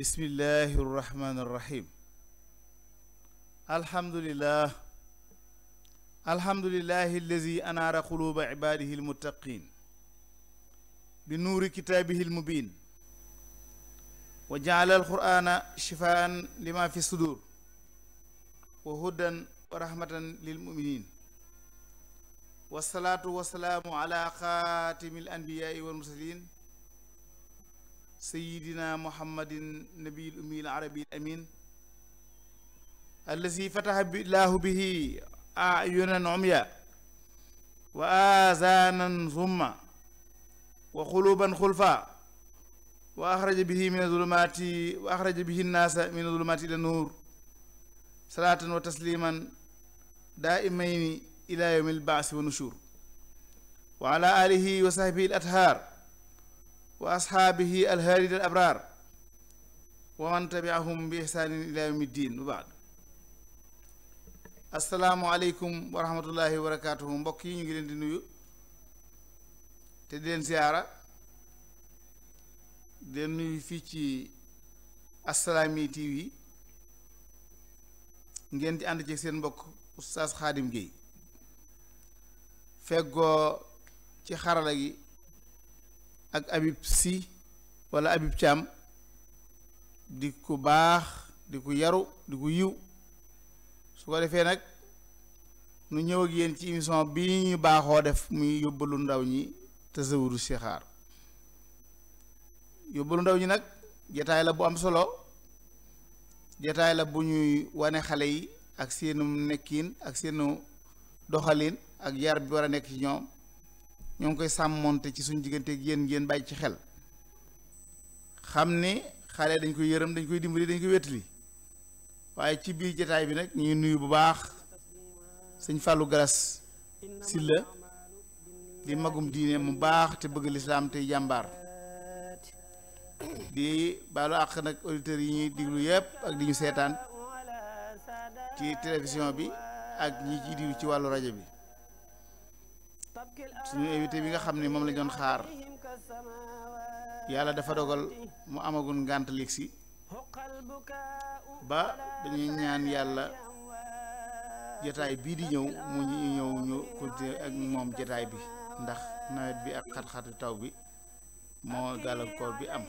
bismillahi rrahmani rrahim alhamdulilah alhamdulilahi allazi anaara quluba ibadihi almuttaqin bi nuuri kitaabihi almubin wa jaala alqur'ana shifaan lima fi sudur wa hudan wa rahmatan lilmuminin wasalaatu wasalaamu ala xaatimi alanbiyaai walmursalin سيدنا محمد النبي الأمي العربي الأمين الذي فتح الله به أعينا عميا وآذانا ظما وقلوبا خلفا وأخرج به من الظلمات وأخرج به الناس من الظلمات إلى النور صلاة وتسليما دائمين إلى يوم البعث والنشور وعلى آله وصحبه الأطهار wa asxaabihi alhaadil al abraar wa man tabiahum bi ihsaanin ila yawmi ddin wa baad asalaamualeykum wa rahmatullahi mbokk yi ñu ngi leen di nuyu te di leen ziyaara di nuyu fii ci Assalaamy TV ngeen di ànd ci seen mbokk oustaz Xaadim Guèye feggoo ci xarala gi ak Habib si walla Habib Thiam di ku baax di ku yaru di ku yiw su ko defee nag nu ñëw yéen ci émission bi ñu baaxoo def muy yóbbalu ndaw ñi tasawuru sixaar yóbbalu ndaw ñi nag jataay la bu am solo jataay la bu ñuy wane xale yi ak seenu nekkiin ak seenu doxaliin ak yar bi war a nekk ci ñoom ñoo ngi koy sàmmonte ci suñu diggante ak yéen ngeen ci xel xam ni xale dañ koy yërëm dañ koy dimbali dañ koy wétali waaye ci biir jataay bi nag ñuy nuyu bu baax sëñ Fallou Garas Silla di magum diine mu baax te bëgg lislaam tey jàmbaar di baalu àq nag auditeurs yi ñuy diglu yëpp ak di ñu seetaan ci télévision bi ak ñi ci diw ci wàllu rajo bi suñu invité bi nga xam ne moom lañ doon xaar yàlla dafa dogal mu amagun ngànt léeg si ba dañuy ñaan yàlla jataay bii di ñëw mu ñu ñëw ñu continuer ak moom jataay bi ndax nawet bi ak xat-xatu taw bi moo gàllankoor bi am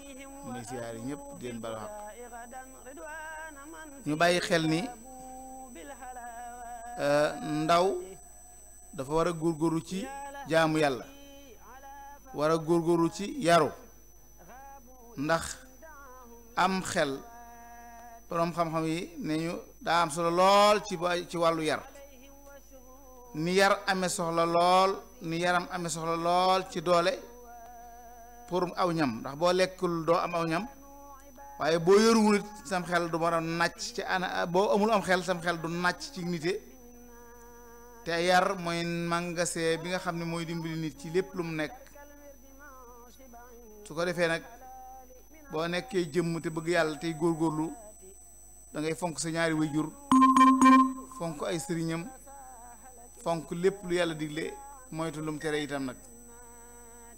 muy siyaar yi ñëpp di leen bal xaq ñu bàyyi xel ni euh, ndaw dafa war a góorgóorlu ci jaamu yàlla war a góoru ci yaru ndax am xel boroom xam-xam yi ne ñu daa am solo lool ci wàllu yar ni yar amee soxla lool ni yaram amee soxla lool ci doole pour aw ñam ndax boo lekkul doo am aw ñam waaye boo yoruwul sam xel du war a nàcc ci ana boo amul am xel sam xel du nàcc ci nite te yar mooy màngasee bi nga xam ne mooy dimbali nit ci lépp lu mu nekk su ko defee nag boo nekkee jëmm te bëgg yàlla tey góorgóorlu góorlu dangay fonk sa ñaari waajur fonk ay sëriñam fonk lépp lu yàlla digle moytu lum mu tere itam nag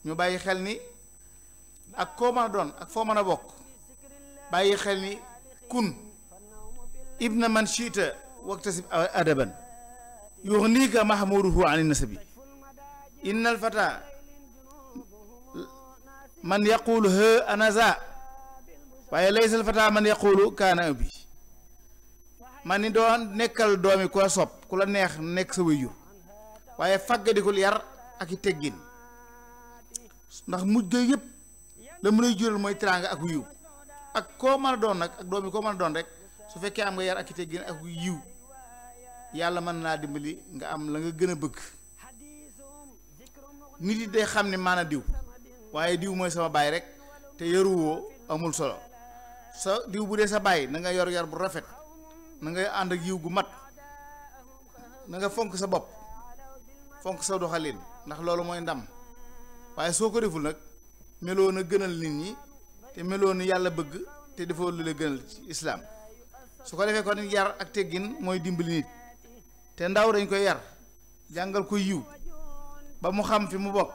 ñu bàyyi xel ni ak koo mën a doon ak foo mën a bokk bàyyi xel ni kun ibna man shiita waktasib adaban yuxniika mahmuduhu ani nasabi inna alfata man yaqulu ha anaza waaye laysa alfata man yaqulu kaana abi man ni doo nekkal doomi ku la sopp ku la neex nekk sa wéyjur waaye fàggadikul yar ak i teggin ndax mujj ga yëpp la mu lay jural mooy teraanga ak yiw ak koo mën doon nag ak doomi koo mën a doon rek su fekkee am nga yar ak i teggin ak yiw yàlla mën naa dimbali nga am la nga gën a bëgg nit yi day xam ne maana diw waaye diw mooy sama baay rek te yaruwoo amul solo sa diw bu dee sa baay na nga yor yar bu rafet na ànd ak yiw gu mat na fonk sa bopp fonk sa doxalin ndax loolu mooy ndam waaye soo ko deful nag meloo na gënal nit ñi te meloo na yàlla bëgg te defoo lu la gënal ci islaam su ko defee kon yar ak teggin mooy dimbali nit te ndaw dañ koy yar jàngal ko yiw ba mu xam fi mu bokk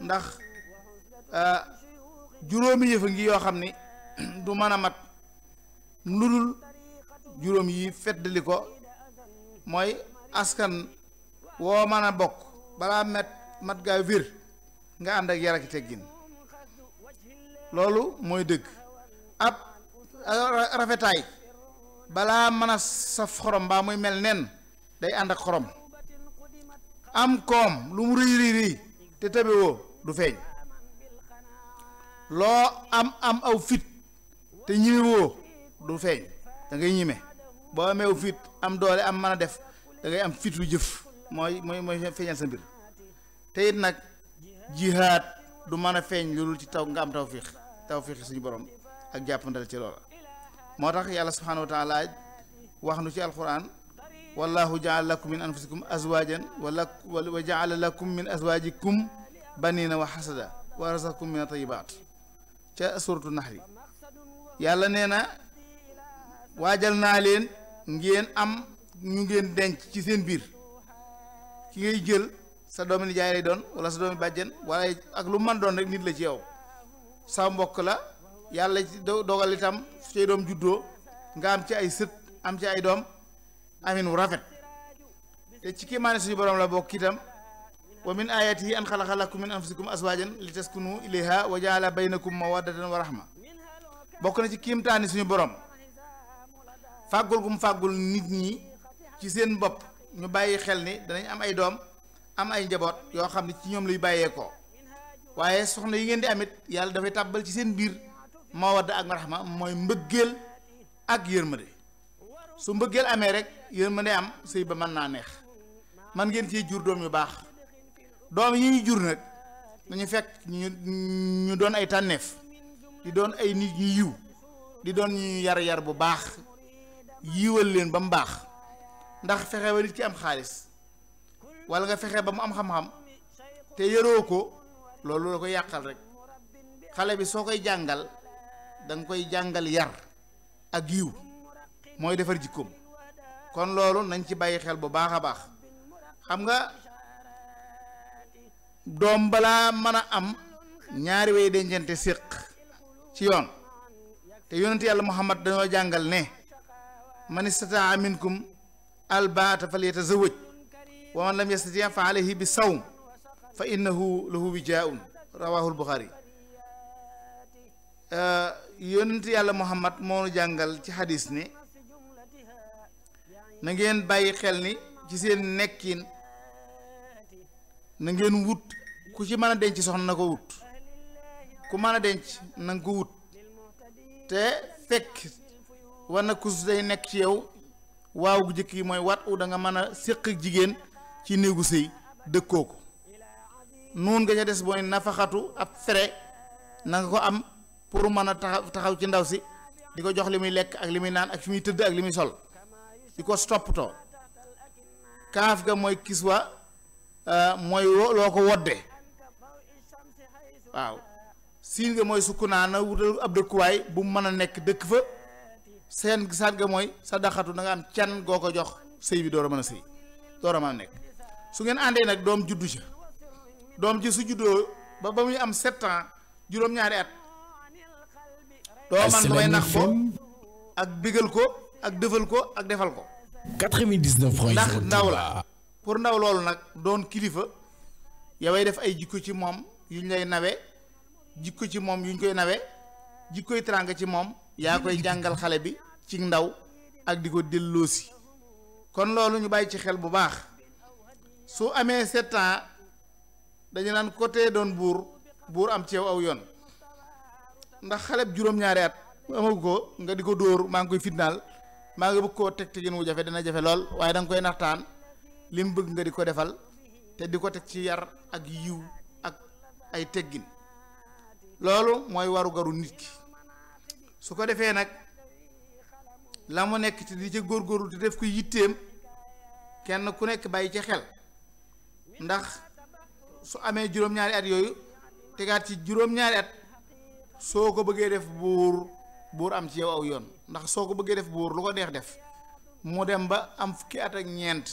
ndax euh, juróomi yëfa ngi yoo xam ni du mën a mat lu dul juróom yi feddali ko mooy askan woo mën a bokk balaa met mat gaa wér nga ànd ak yar ak teggin loolu mooy dëgg ab rafetaay balaa mën a saf xorom mbaa muy mel nen day ànd ak xorom am koom lu mu rëy rëy rëy te tebewoo du feeñ loo am am aw fit te ñimewoo du feeñ dangay ngay ñime boo amee aw fit am doole am mën a def dangay am fit lu jëf mooy mooy mooy feeñal sa mbir te it nag jihaad du mën a feeñ loolu ci taw nga am tawfiix tawfiix suñu borom ak jàppandal ci loola moo tax yàlla subhaanahu wax nu ci alxuraan wallahu jaala lakum min anfusikum azwajan wa jaala lakum min azwajikum banina wa xasada wa rasakum min atayibaat ca suratu naxli yàlla nee na waajal naa leen ngeen am ñu ngeen denc ci seen biir ki ngay jël sa doomi nijaay lay doon wala sa doomi bàjjen wala ak lu mën doon rek nit la ci yow sa mbokk la yàlla ci dogal itam su cay doom juddoo nga am ci ay sët am ci ay doom amin wu rafet te ci kéemaane suñu borom la bokk itam wa min ayatihi an xalaqa lakum min anfusikum azwajan li taskunu ilayha wa jaala baynakum mawaddatan wa rahma bokk na ci kéemtaani suñu borom fàggul gum fàggul nit ñi ci seen bopp ñu bàyyi xel ni danañ am ay doom am ay njaboot yoo xam ne ci ñoom lay bàyyeekoo waaye soxna yi ngeen di amit yàlla dafay tàbbal ci seen biir mawadda ak rahma mooy mbëggeel ak yërmande su mbëggeel amee rek yéen mën am sëy ba mën naa neex man ngeen ciy jur doom yu baax doom yi ñuy jur nag dañu fekk ñu ñu doon ay tànneef di doon ay nit ñu yiw di doon ñu yar-yar bu baax yiwal leen ba mu baax ndax fexe ba nit ki am xaalis walla nga fexe ba mu am xam-xam te yaroo ko loolu la ko yàqal rek xale bi soo koy jàngal danga koy jàngal yar ak yiw mooy defar jikkoom kon loolu nañ ci bàyyi xel bu baax a baax xam nga doom balaa mën a am ñaari way dencante séq ci yoon te yonent yàlla muhammad dañoo jàngal ne man istataa minkum albaata falyatazawaj wa man lam yastati fa alayhi bi saw fa innahu lahu wijaaun rawahul buxaari yonent yàlla muhammad moo nu jàngal ci xadis ne na ngeen bàyyi xel ni ci seen nekkin na ngeen wut ku ci mën a denc soxna na ko wut ku mën a denc na nga ko wut te fekk war na kus day nekk ci yow waaw gu jëkk yi mooy wat u da mën a séq jigéen ci néegu sëy dëkkoo ko noon nga ca des mooy nafaxatu ab fere na nga ko am pour mën a taxaw taxaw ci ndaw si di ko jox li muy lekk ak li muy naan ak fi muy tëdd ak li muy sol ci ko toppatoo kaaf ga mooy wa euh, mooy loo ko wodde waaw siin ga mooy sukkunaa na wutal ab dëkkuwaay bu mu mën a nekk dëkk fa seen saat ga mooy sa daxatu da nga am can goo ko jox sëy bi door a mën a sëy door a mën nekk su ngeen àndee nag doom juddu ci doom ji su juddoo ba ba muy am sept ans juróom-ñaari at doo man nax fo ak bigal ko ak defal ko ak defal ko. 99 point ndax ndaw la pour ndaw loolu nag doon kilifa yaway def ay jikko ci moom yuñ lay nawe jikko ci moom yuñ koy nawe jikkoy teraanga ci moom yaa koy jàngal xale bi ci ndaw ak di ko delloosi kon loolu ñu bàyyi ci xel bu baax su amee sept ans dañu naan côté doon buur buur am ceew aw yoon ndax xale bi juróom-ñaari at amagu ko nga di ko dóor maa ngi koy fitnaal maa ngi bugg koo teg tegin wu jafe dana jafe lool waaye da koy naxtaan li bëgg nga di ko defal te di ko teg ci yar ak yiw ak ay teggin loolu mooy waru garu nit ki su ko defee nag la mu nekk ci di ca góorgóorlu te def ko yittéem kenn ku nekk bàyyi ci xel ndax su amee juróom-ñaari at yooyu tegaat ci juróom-ñaari at soo ko bëggee def buur buur am ci yow aw yoon ndax soo ko bëggee def buur lu ko neex def mu dem ba am fukki at ak ñeent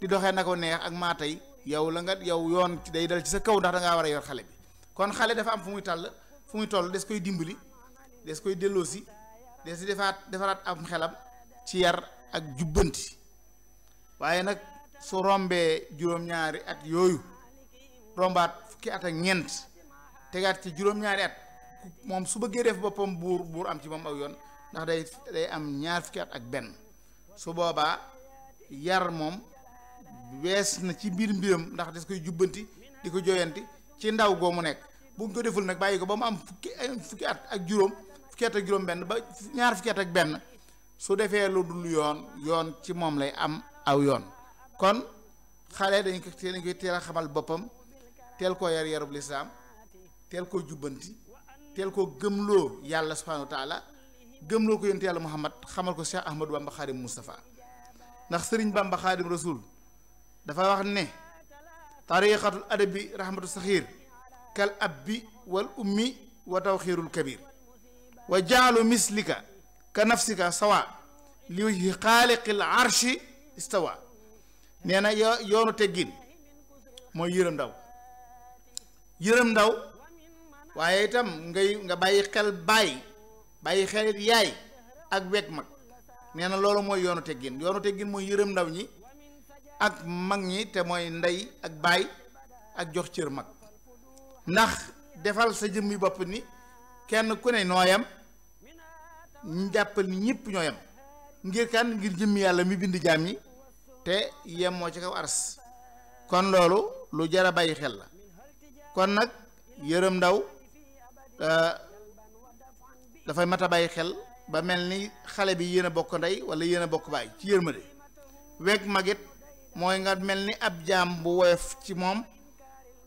di doxee na ko neex ak maa tey yow la nga yow yoon day dal ci sa kaw ndax da war a yor xale bi kon xale dafa am fu muy tàll fu muy toll des koy dimbali des koy delloosi des di defaat defaraat am xelam ci yar ak jubbanti waaye nag su rombee juróom-ñaari at yooyu rombaat fukki at ak ñeent tegaat ci juróom-ñaari at. moom su bëggee def boppam buur buur am ci moom aw yoon ndax day day am ñaar fukki at ak benn su boobaa yar moom wees na ci biir mbiram ndax des koy jubbanti di ko joyanti ci ndaw goo mu nekk bu ñu ko deful nag bàyyi ko ba mu am fukki fukki at ak juróom fukki at ak juróom benn ba ñaar fukki at ak benn su defee lu dul yoon yoon ci moom lay am aw yoon kon xale dañ ko dañ koy teel a xamal boppam teel koo yar yarub lislaam teel koo jubbanti teel koo gëmloo yàlla subhaanahu wa gëmloo ko yonent yàlla Muhammad xamal ko Cheikh Ahmadou Bamba Xaadim Moustapha ndax Sëriñ Bamba Xaadim Rasul dafa wax ne tariqatul adabi rahmatu saxiir kal abbi wal ummi wa tawxiirul kabir wa jaalu mislika ka nafsika sawa li wajhi arshi istawa nee na yoonu teggin mooy yërëm ndaw yërëm ndaw waaye itam ngay nga bàyyi xel bàyyi bàyyi xelit yaay ak weg mag nee na loolu mooy yoonu teggin yoonu teggin mooy yërëm ndaw ñi ak mag ñi te mooy ndey ak baay ak jox cër mag ndax defal sa jëmmi bopp ni kenn ku ne nooyam ñu jàppal ni ñëpp ñooyam ngir kan ngir jëmmi yàlla mi bind jaam ñi te yem ci kaw ars kon loolu lu jar a bàyyi xel la kon nag yërëm ndaw Euh, dafay mat a bàyyi xel ba mel ni xale bi yéen bokk ndey wala yéen a bokk baay ci yërmande weeg magit mooy nga mel ni ab jaam bu woyof ci moom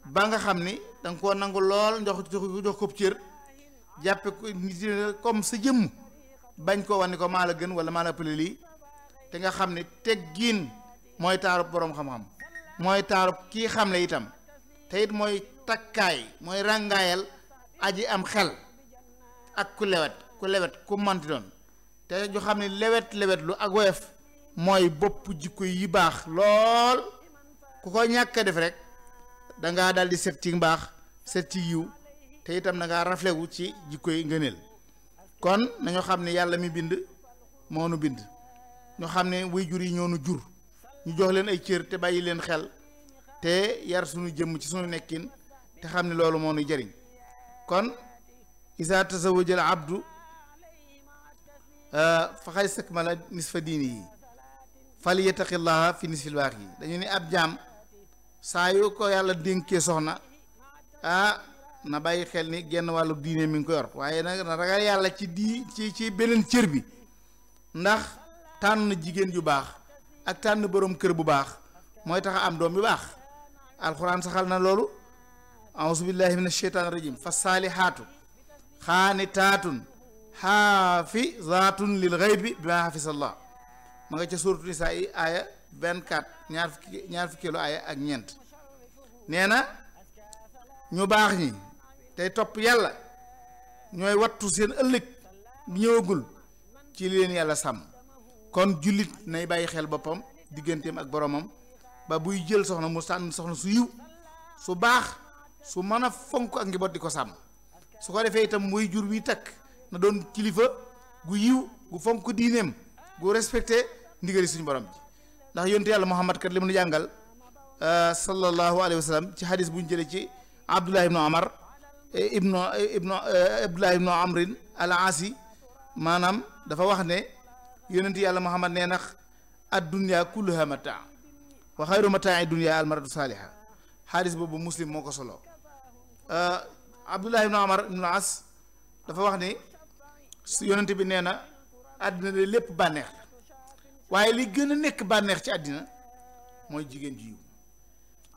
ba nga xam ni da ko nangu lool njox jox ko cër jàppe ko comme sa jëmm bañ koo wane ko maa la gën wala maa la pële lii te nga xam ne giin mooy taaru boroom xam-xam mooy taarub kii xamle itam te mooy takkaay mooy ràngaayal aji am xel ak ku lewet ku lewet ku manti doon te ñu xam ne lewet lewet lu ak woyof mooy bopp jikko yi baax lool ku ko ñàkk def rek da ngaa daal di set mbaax set ci yiw te itam da ngaa raflewu ci jikko yi ngëneel kon nañu xam ne yàlla mi bind moo nu bind ñu xam ne wuy jur yi ñoo nu jur ñu jox leen ay cër te bàyyi leen xel te yar suñu jëmm ci suñu nekkin te xam ne loolu moo nu jariñ kon isa tasawajal abdu euh, faxay sëkk ma la nisfa diini yi fal yettaqillaha fi nisfil baax yi dañu ni ab jaam saa yu ko yàlla dénkee soxna ah na bàyyi xel ni genn wàllu diine mi ngi ko yor waaye nag na ragal yàlla ci di ci ci beneen cër bi ndax tànn jigéen ju baax ak tànn boroom kër bu baax mooy tax a am doom yu baax alxuraan saxal na loolu auzu billahi min asheytaan rajim fa saalihaatu xaanitaatun xaafizaatun lil xaybi bi ma xafisallaa ma nga ca suuratu nisaa yi aaya 24 ñaar fukki ñaar fukkeelu aaya ak ñeent nee na ñu baax ñi tey topp yàlla ñooy wattu seen ëllëg ñëwagul ci li leen yàlla sàmm kon jullit nay bàyyi xel boppam digganteem ak boromam ba buy jël soxna mu sànn soxna su yiw su baax su mën a fonk ak njaboot di ko sàmm su ko defee itam muy jur wi takk na doon kilifa gu yiw gu fonk diineem gu respecté ndigali suñu borom ji ndax yonte yàlla Muhammad kat li mu nu jàngal euh, sallallahu alayhi wa sallam ci hadis bu ñu jëlee ci Abdullah ibnu Amar eh, ibnu eh, ibnu eh, Abdullah Amrin al Asi maanaam dafa wax ne yonente yàlla Muhammad nee nax addunya kulluha mataa wa xayru mataa dunya al maratu saaliha hadis boobu muslim moo ko solo Euh, Abdullah ibn Amar ibn As dafa wax ni su yonent bi nee na àddina de lépp bànneex la waaye li gën a nekk bànneex ci àddina mooy jigéen ji yiw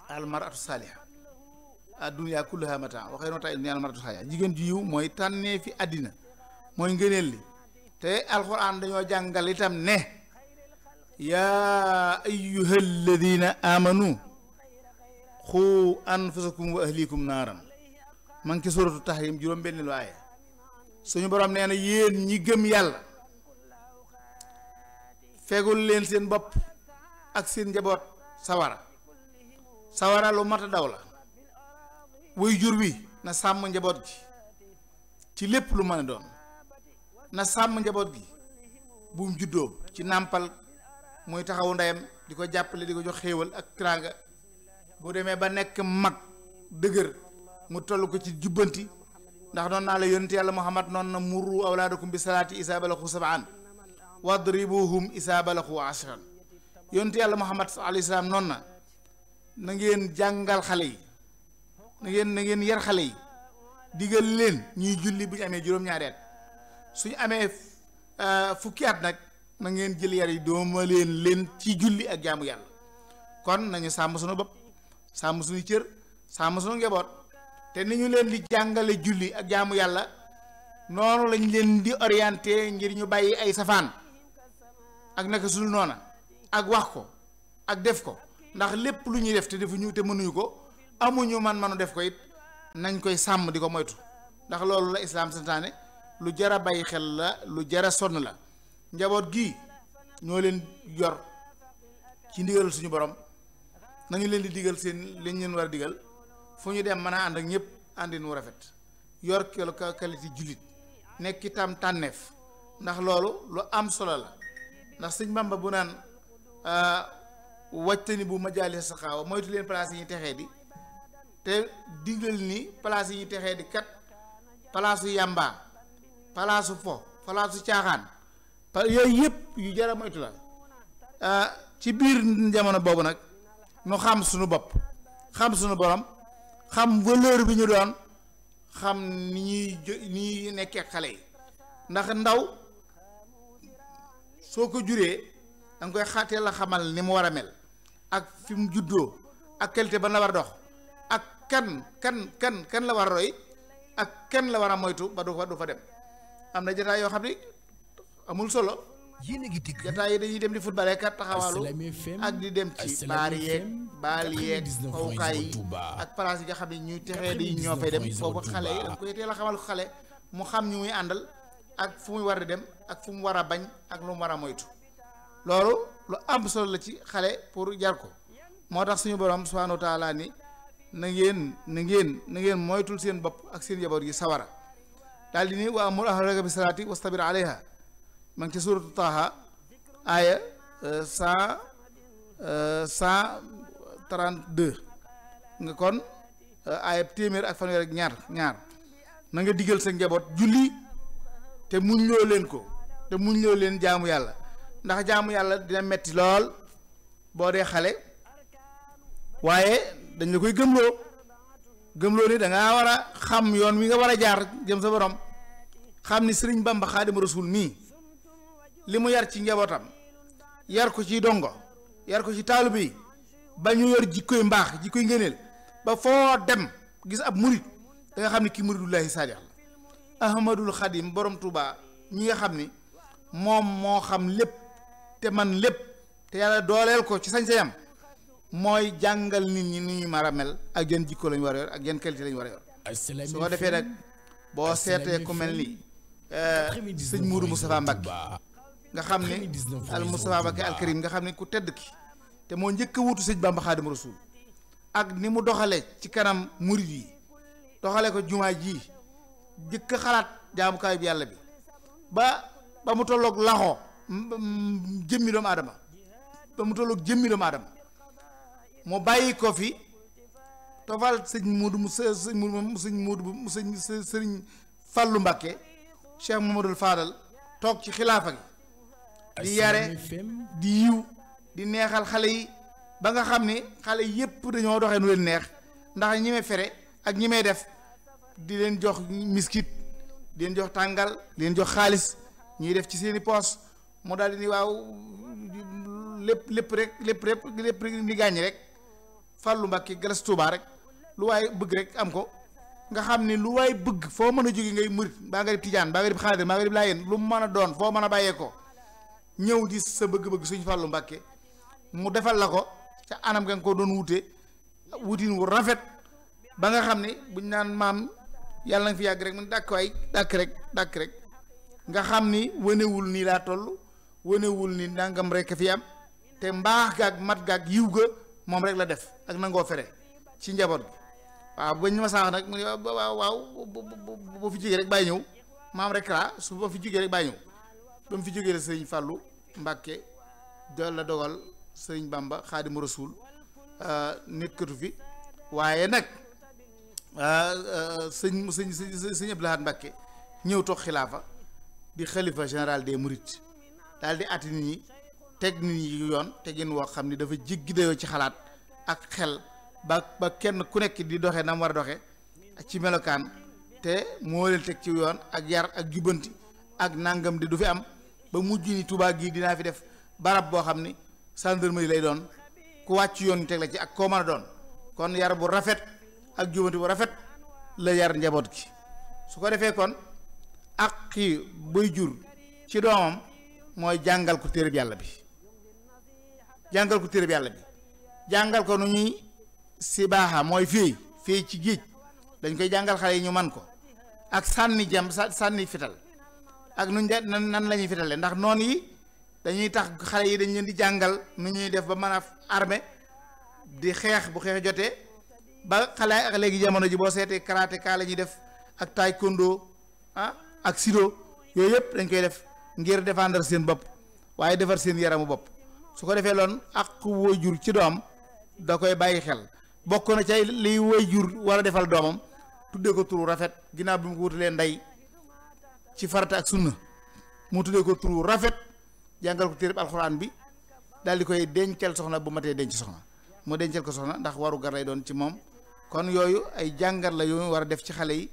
almaratu saaliha addunya kulluha mataa waxee noo tax almaratu saaliha jigéen ji yiw mooy tànnee fi àddina mooy ngëneel li te alxuraan dañoo jàngal itam ne yaa ayyuha alladina amanu xu anfusakum wa ahlikum naaran ma ngi ci suratu Tahrim juróom-benni lu aaye suñu borom nee na yéen ñi gëm yàlla fegul leen seen bopp ak seen njaboot sawara sawara lu matt a daw la wuy jur wi na sàmm njaboot gi ci lépp lu mën a doon na sàmm njaboot gi buum juddoo ci nàmpal muy taxawu ndeyam di ko jàppale di ko jox xéewal ak tiraanga bu demee ba nekk mag dëgër mu toll ko ci jubbanti ndax noonu naa la yonent yàlla muhammad noon na murru awlaadakum bi salaati isaa balaxu sabaan wadribuhum isaa balaxu ashran yonent yàlla muhammad alayhi salaam noonu na na jàngal xale yi na nangeen na yar xale yi digal leen ñuy julli bu ñu amee juróom-ñaari at suñu amee euh, fukki at nag na ngeen jël yar yi dooma leen ci julli ak jaamu yàlla kon nañu sàmm suñu bopp sàmm suñu cër sàmm suñu njaboot te ni ñu leen di jàngale julli ak jaamu yàlla noonu lañu leen di orienté ngir ñu bàyyi ay safaan ak naka sul noona ak wax ko ak def ko ndax lépp lu ñuy def te defuñu te mënuñu ko amuñu man manu def ko it nañ koy sàmm di ko moytu ndax loolu la islaam santaane lu jara bàyyi xel la lu jara sonn la njaboot gi ñoo leen jor ci ndigalal suñu borom nañu leen di digal seen liñ leen war a digal fu ñu dem mën a ànd ak ñëpp àndin wu rafet yor kelu qualité jullit nekk itam tànneef ndax loolu lu am solo la ndax sëñ Bamba bu naan ah, wàjtani bu ma sa saxaawa moytu leen place yi ñu texee di te digal ni place yi ñu texee di kat palaasu yàmbaa palaasu fo palaasu caaxaan yooyu yëpp yu jara moytu la ah, ci biir jamono boobu nag nu xam suñu bopp xam sunu borom xam valeur bi ñu doon xam ni ñuy jo ni ñuy nekkee xale yi ndax ndaw soo ko juree da koy xaatee la xamal ni mu war a mel ak fi mu juddoo ak qualité ba na war a dox ak kan kan kan kan la war a roy ak kan la war a moytu ba du fa du fa dem am na jotaay yoo xam ni amul solo. yéen a ngi yi dañuy dem di football kat taxawaalu ak di dem ci baar yeeg baal yeeg xawkaay yi ak place yi nga xam ñuy texee di ñoo fay dem boobu xale yi danga koy teel a xamal ko xale mu xam ñu muy àndal ak fu muy war a dem ak fu mu war a bañ ak lu mu war a moytu loolu lu am solo la ci xale pour jar ko moo tax suñu borom subhaanahu wa ni na ngeen na ngeen na ngeen moytul seen bopp ak seen yaboot yi sawara daal di ni wa amur ahlaka bi salaati wastabir alayha ma ngi ci suuratu Taaha aaya euh, cent euh, cent trente deux nga kon euh, aaya téeméer ak fanweer ak ñaar ñaar na nga digal sa njaboot julli te muñ loo leen ko te muñ loo leen jaamu yàlla ndax jaamu yàlla dina metti lool boo dee xale waaye dañ la koy gëm gëmloo ni da ngaa war a xam yoon wi nga war a jaar jëm sa borom xam ni sëriñ Bamba Xaadimu Rasuul nii li mu yar ci njabootam yar ko ci dongo yar ko ci taalibe yi ba ñu yor jikkoy mbaax jikkoy ngëneel ba foo dem gis ab murit da xam ne kii muridullahi saadix la ahmadul xadim borom Touba ñi nga xam ni moom moo xam lépp te man lépp te yàlla dooleel ko ci sañ-sañam mooy jàngal nit ñi ni ñu mar a mel ak yan jikko lañ war a ak yan qualité lañ war a yor su ko defee nag boo seetee ku mel ni sëñ Mourou Moustapha Mbacke nga xam ne al Moustapha Mbacké al ah. Karim nga xam ne ku tedd ki te moo njëkk a sëñ Bamba Xaadimu Rasuul ak ni mu doxale ci kanam murid yi doxale ko jumaa ji njëkk xalaat jaamukaay bi yàlla bi ba ba mu tollook laxo jëmmi doomu aadama ba mu tolloog jëmmi doomu aadama moo bàyyi ko fi tofal sëñ Moodu mu sëñ Moodu mu sëñ sëriñ Fàllu Mbàkke Cheikh Mamadul Faadal toog ci xilaafa di yare di yiw di neexal xale yi ba nga xam ni xale yépp dañoo doxee nu leen neex ndax ñi may fere ak ñi may def di leen jox miskit di leen jox tàngal leen jox xaalis ñuy def ci seeni poos moo daal di ni waaw lépp lépp rek lépp rek lépp rek ni gàññi rek lu mbàkki galas tuubaa rek lu waaye bëgg rek am ko nga xam ni lu waaye bëgg foo mën a jóge ngay murit baa nga dib tijaan baa nga dib xaadir baa nga dib laayeen lu mu mën a doon foo mën a bàyyee ñëw di sa bëgg-bëgg suñ fàllu mbàkke mu defal la ko ca anam nga nga ko doon wute wutin wu rafet ba nga xam ne buñ naan maam yàlla nga fi yàgg rek mun dàkk waay dàkk rek dàkk rek nga xam ni wanewul nii laa toll wanewul ni ndàngam rek fi am te mbaax gaag mat gaag yiw ga moom rek la def ak nangoo fere ci njaboot gi waaw ba ñu ma sànq nag mu ne waaw waaw bu fi jógee rek bàyyi ñëw maam rek laa su ba fi jógee rek bàyyi ñëw ba mu fi jógee la sëriñ Fàllu Mbàkke dal la dogal sëriñ Bamba Xaadimu Rasuul euh, nekkatu fi waaye nag euh, euh, sëñ sëñ sëñ Abdou Lahad ñëw toog xilaafa di xalifa général des mourides daal di atti nit ñi teg nit ñi yoon tegin woo xam ni dafa jéggi dayoo ci xalaat ak xel ba ba kenn ku nekk di doxee nam mu war a doxe ci melokaan te moo leen teg ci yoon ak yar ak jubbanti ak nàngam di du fi am ba mujj ni Touba gii dinaa fi def barab boo xam ni gendarmerie lay doon ku wàcc yoon ñu ci ak koo mën doon kon yar bu rafet ak jubanti bu rafet la yar njaboot gi su ko defee kon ak kii buy jur ci doomam mooy jàngal ko téereb yàlla bi jàngal ko téereb bi jàngal ko nu ñuy sibaaxa mooy fii fii ci géej dañ koy jàngal xale yi ñu man ko ak sànni jam sànni fital ak nu de nan nan la ñuy fitale ndax noon yi dañuy tax xale yi dañ leen di jàngal nu ñuy def ba man a armé di xeex bu xeex jotee ba xale ak léegi jamono ji boo seetee karatéka la ñuy def ak taekwondo ah ak sido yooyu yëpp dañ koy def ngir défendre seen bopp waaye defar seen yaramu bopp su ko defee loon ak jur ci doom da koy bàyyi xel bokk na ca liy waajur war a defal doomam tudde ko turu rafet ginnaaw bi mu ko wutalee ndey ci farata ak sunna mu tuddee ko turu rafet jàngal ko téereb alxuraan bi daal di koy dencal soxna bu matee denc soxna mu dencal ko soxna ndax waru gar lay doon ci moom kon yooyu ay jàngat la yooyu war a def ci xale yi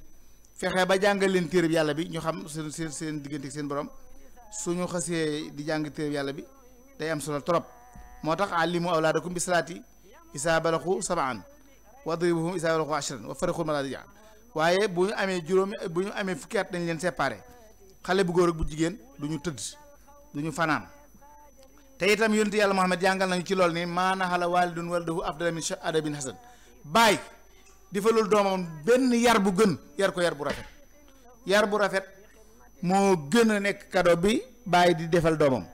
fexe ba jàngal leen téereb yàlla bi ñu xam seen seen seen diggante seen borom suñu xasee di jàng téereb yàlla bi day am solo trop moo tax àllimu awlaadakum bi salaati isaa de sabaan wadribuhum isaa balaxu ashran wa farixul maraadiya waaye bu ñu amee juróomi bu ñu amee fukki dañu leen séparé xale bu góor ak bu jigéen du ñu tëdd du ñu fanaan te itam yonent yàlla Muhammad jàngal nañu ci lool ni maanaxala waalidun waladahu afdala min adabin hasan baay defalul doomam benn yar bu gën yar ko yar bu rafet yar bu rafet moo gën nekk kado bi bàyyi di defal doomam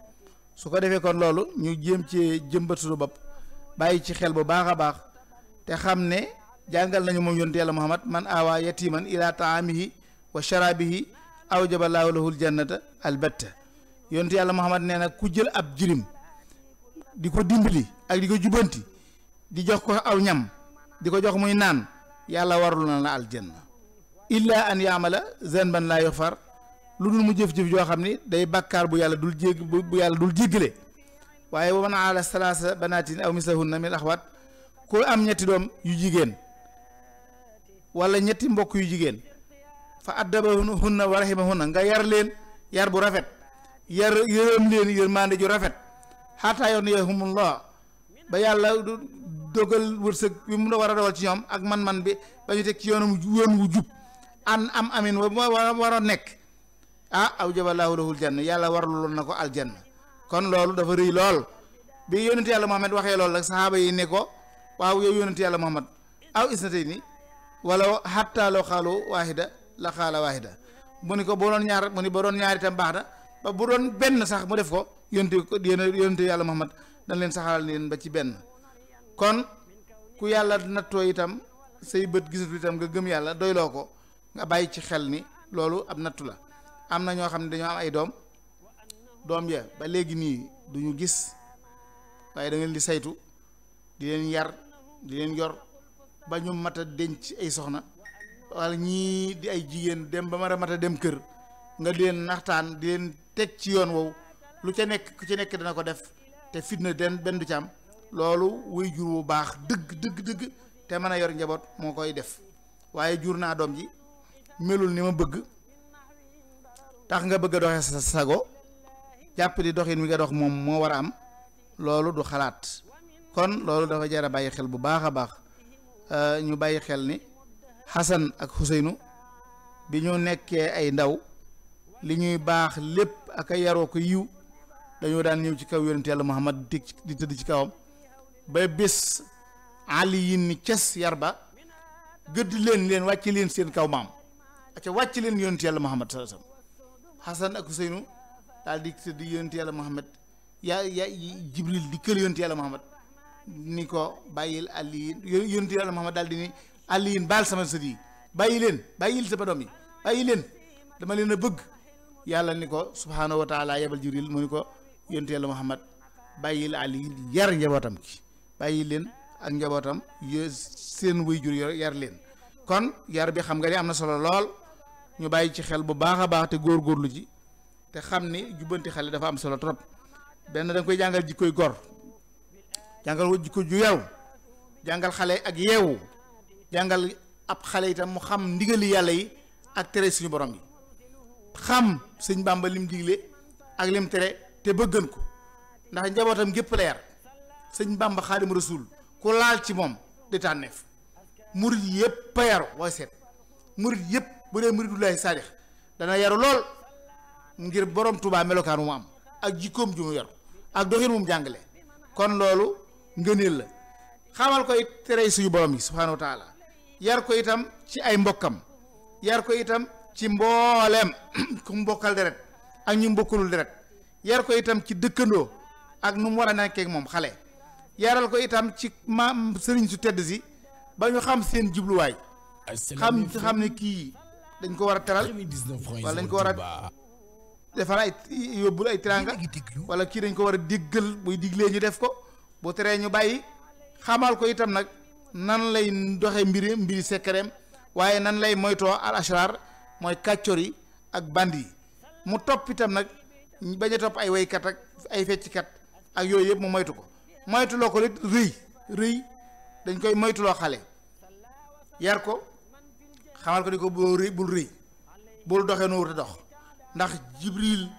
su ko defee kon loolu ñu jéem ci jëmbat suñu bopp bàyyi ci xel bu baax a baax te xam ne jàngal nañu moom yonent yàlla Muhammad man awa yatiman ila taamihi wa sharabihi aw laahu lahul jannata albatta yontu yàlla Muhammad nee na ku jël ab jirim di ko dimbali ak di ko jubanti di jox ko aw ñam di ko jox muy naan yàlla warul na la aljanna illa an yaamala zanban laa yufar lu dul mu jëf-jëf joo xam ni day bàkkaar bu yàlla dul jég bu yàlla dul jéggale waaye wa man aala salaasa banaatin aw mislahunna min axwat ku am ñetti doom yu jigéen wala ñetti mbokk yu jigéen fa addabahunna wa na nga yar leen yar bu rafet yar yërëm leen yërmande ju rafet xataa yughniyahumullah ba yàlla dogal wërsëg bi mu war a dogal ci ñoom ak man-man bi ba ñu teg ci yoonam yoon wu jub an am amin wa war a nekk ah awjabalaahu lahul janna yàlla waraloon na ko aljanna kon loolu dafa rëy lool bi yonent yàlla Muhammad waxee loolu rek saxaaba yi ne ko waaw yow yonent yàlla Muhammad aw isnatayni wala hatta loo xaaloo waahida la xaala waahida mu ni ko boo doon ñaar mu ni boo doon ñaar itam baax na ba bu doon benn sax mu def ko yonte yonte yàlla Muhammad dañ leen saxalal leen ba ci benn kon ku yàlla nattoo itam say bët gisatu itam nga gëm yàlla doyloo ko nga bàyyi ci xel ni loolu ab nattu la am na ñoo xam ne dañoo am ay doom doom ya ba léegi nii du ñu gis waaye da ngeen di saytu di leen yar di leen yor ba ñu mat a denc ay soxna wala ñii di ay jigéen dem ba ma ramata dem kër nga di naxtaan di teg ci yoon wow lu ca nekk ku ca nekk dana ko def te fitna den benn du ci am loolu wuy jur bu baax dëgg dëgg dëgg te mën a yor njaboot moo koy def waaye jur naa doom ji melul ni ma bëgg tax nga bëgg a doxee sa sago jàpp di doxin wi nga dox moom moo war a am loolu du xalaat kon loolu dafa jar a bàyyi xel bu baax a baax euh, ñu bàyyi xel ni xasan ak xuseynu bi ñu nekkee ay ndaw li ñuy baax lépp ak a yaroo ko yiw dañoo daan ñëw ci kaw yonent yàlla muhammad di tëdd ci kawam ba bés ali yin ni ces yar ba gëdd leen leen wàcc leen seen kaw maam aca wàcc leen yonent yàlla muhammad sallallahu alayhi wasallam xasan ak xuseynu daal di tëdd yonent yàlla muhammad yaa yaa jibril di kër yonent yàlla muhammad ni ko bàyyil ali yonent yàlla muhammad daal di ni Alioune baal sama sët yi bàyyi leen bàyyil sama doom yi bàyyi leen dama leen a bëgg yàlla ni ko subhaanahu wa taala yebal jibril mu ni ko yonent yàlla Muhammad bàyyil Alioune yar njabootam ki bàyyi leen ak njabootam yo seen wuy jur yo yar leen kon yar bi xam nga ni am na solo lool ñu bàyyi ci xel bu baax a baax te góor góorgóorlu ji te xam ni jubbanti xale dafa am solo trop benn da koy jàngal jikkoy gor jàngal jikko ju yaru jàngal xale ak yeewu jàngal ab xale itam mu xam ndigali yàlla yi ak tere suñu borom yi xam sëñ Bàmba lim digle ak lim tere te bëggan ko ndax njabootam gépp leer sëñ Bàmba xaadim rasul ku laal ci moom di tànneef murit yëpp a yaru waaye seet murit yëpp bu dee murit du lay saadix dana yaru lool ngir borom Tuubaa melokaan mu am ak jikkoom ju mu yor ak doxin mu jàngale kon loolu ngëneel la xamal koy tere suñu borom yi subhaanahu yar ko itam ci ay mbokkam yar ko itam ci mbooleem ku mbokkal deret ak ñu mbokkulul deret yar ko itam ci dëkkandoo ak nu mu war a nekkee moom xale yaral ko itam ci maam sëriñ su tedd si ba ñu xam seen jubluwaay xam xam ne kii dañ ko war a teral wala dañ ko war a defal ay yóbbul ay tiraanga wala kii dañ ko war a diggal buy diglee ñu def ko bu teree ñu bàyyi xamal ko itam nag nan lay doxe mbiri mbiri sekkereem waaye nan lay moytoo al ashrar mooy kàccor yi ak band yi mu topp itam nag bañ a topp ay waykat ak ay fecckat ak yooyu yëpp mu moytu ko moytuloo ko lit rëy rëy dañ koy moytuloo xale yar ko xamal ko ni ko bul rëy bul rëy bul doxee nu wut dox ndax jibril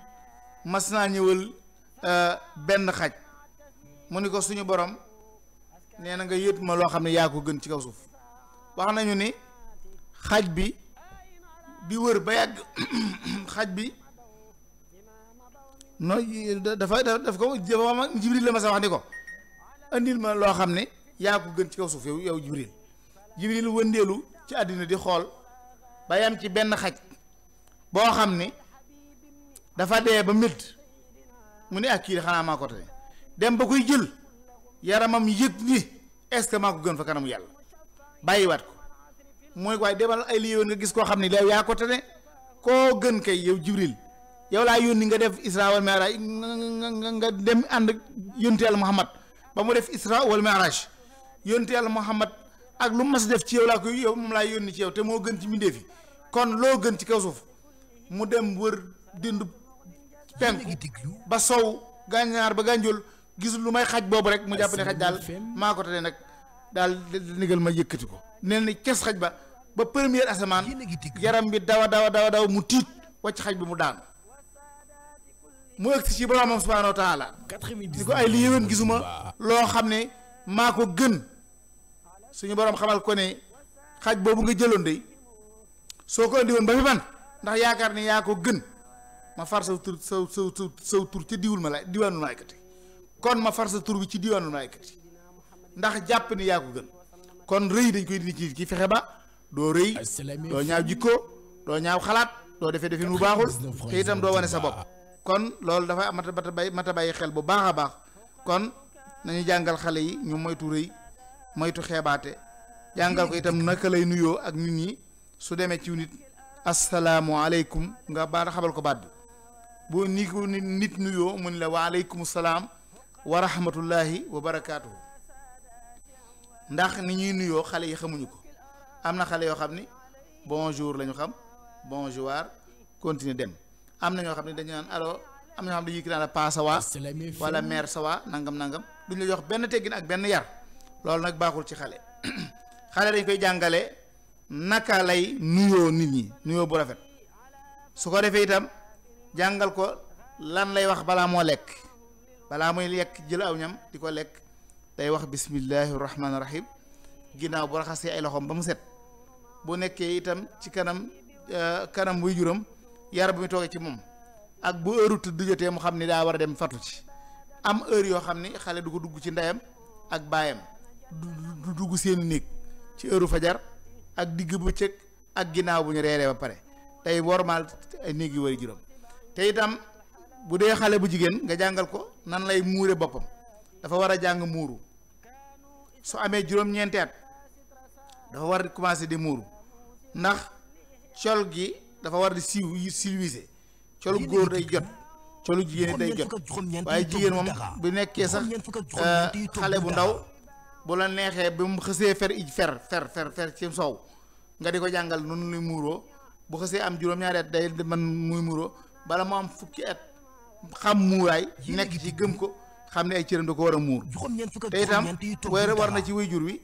mas naa ñëwal euh, benn xaj mu ni ko suñu borom nee na nga yët ma loo xam ne yaa ko gën ci kaw suuf wax nañu ni xaj bi di wër ba yàgg xaj bi nooy dafa daf ko dafa ma jibril la ma sa wax ni ko andil ma loo xam ne yaa ko gën ci kaw suuf yow yow jibril jibril wëndeelu ci àddina di xool ba yam ci benn xaj boo xam ni dafa dee ba métt mu ne ak ah, kii xanaa maa ko tane dem ba koy jël yaramam yëg ni est-ce que maa ko gën fa kanamu yàlla bàyyiwaat ko mooy waaye demal ay li yoon nga gis koo xam ne yaa ko tane koo gën kay yow jibril yow laa yónni nga def isra wal mi'raj nga dem ànd yónni yàlla muhammad ba mu def isra wal mi'raj yónni yàlla muhammad ak lu mas def ci yow laa koy yow moom laa yónni ci yow te moo gën ci mbindéef yi kon loo gën ci kaw suuf mu dem wër dindu penk ba sow gànnaar ba gànjool gisul lu may xaj boobu rek mu jàpp ne xaj daal maa ko tane nag daal nigal ma yëkkati ko nee na kes xaj ba ba première asamaan yaram bi dawa dawa dawa daw mu tiit wàcc xaj bi mu daan mu ëgsi ci boroomam subhaanahu wa taala ni ko ay li yéwén gisuma loo xam ne maa ko gën suñu borom xamal ko ne xaj boobu nga jëloon de soo ko indi woon ba fi man ndax yaakaar ne yaa ko gën ma far saw tur saw saw saw tur ca diwul ma la diwaanul ma aykat kon ma far sa tur bi ci diwaanul malaaykat yi ndax jàpp ni yaa ko gën kon rëy dañ koy dindi ci ki fexe ba doo rëy doo ñaaw jikko doo ñaaw xalaat doo defee defin bu baaxul te itam doo wane sa bopp kon loolu dafa mat a bay mat a bàyyi xel bu baax a baax kon nañu jàngal xale yi ñu moytu rëy moytu xeebaate jàngal ko itam naka lay nuyoo ak nit ñi su demee ci nit asalaamualeykum nga baal xabal ko baat bi boo ni ko nit nuyoo mu ne la waaleykum salaam wa rahmatullahi wa barakaatuhu ndax ni ñuy nuyoo xale yi xamuñu ko am na xale yoo xam ni bonjour la ñu xam bonjour continuer dem am na ñoo xam ne dañu naan allo am na ñoo xam ne dañuy kii naan la paa sawa wala mère sawa nangam nangam duñu la jox benn teggin ak benn yar loolu nag baaxul ci xale xale dañ koy jàngale naka lay nuyoo nit ñi nuyoo bu rafet su ko defee itam jàngal ko lan lay wax balaa moo lekk balaa muy lekk jël aw ñam di ko lekk day wax bismillahi rahmaani rahim ginnaaw bu raxasee ay loxoom ba mu set bu nekkee itam ci kanam euh, kanam wuy juróom yar bu muy toogee ci moom ak bu heure tëdd jotee mu xam ni daa war a dem fatu ci am heure yoo xam ni xale du ko dugg ci ndeyam ak baayam du dugg seen néeg ci heure fajar ak digg bu cëg ak ginnaaw bu ñu reeree ba pare tey wormaal ay néeg yu war juróom te itam bu dee xale bu jigéen nga jàngal ko nan lay muure boppam dafa war a jàng muuru su amee juróom-ñeenti at dafa war di commencé di muuru ndax col gi dafa war di siw silwise colu góor day jot colu jigéen day jot waaye jigéen moom bu nekkee sax euh, xale bu ndaw bu la neexee bi mu xësee fer ij fer fer fer fer ci soow nga di ko jàngal noonu luy muuroo bu xësee am juróom-ñaari at day mën muy muuroo bala mu am fukki at xam muuraay nekk ci gëm ko xam ne ay cëram da ko war a muur te itam weer war na ci waajur wi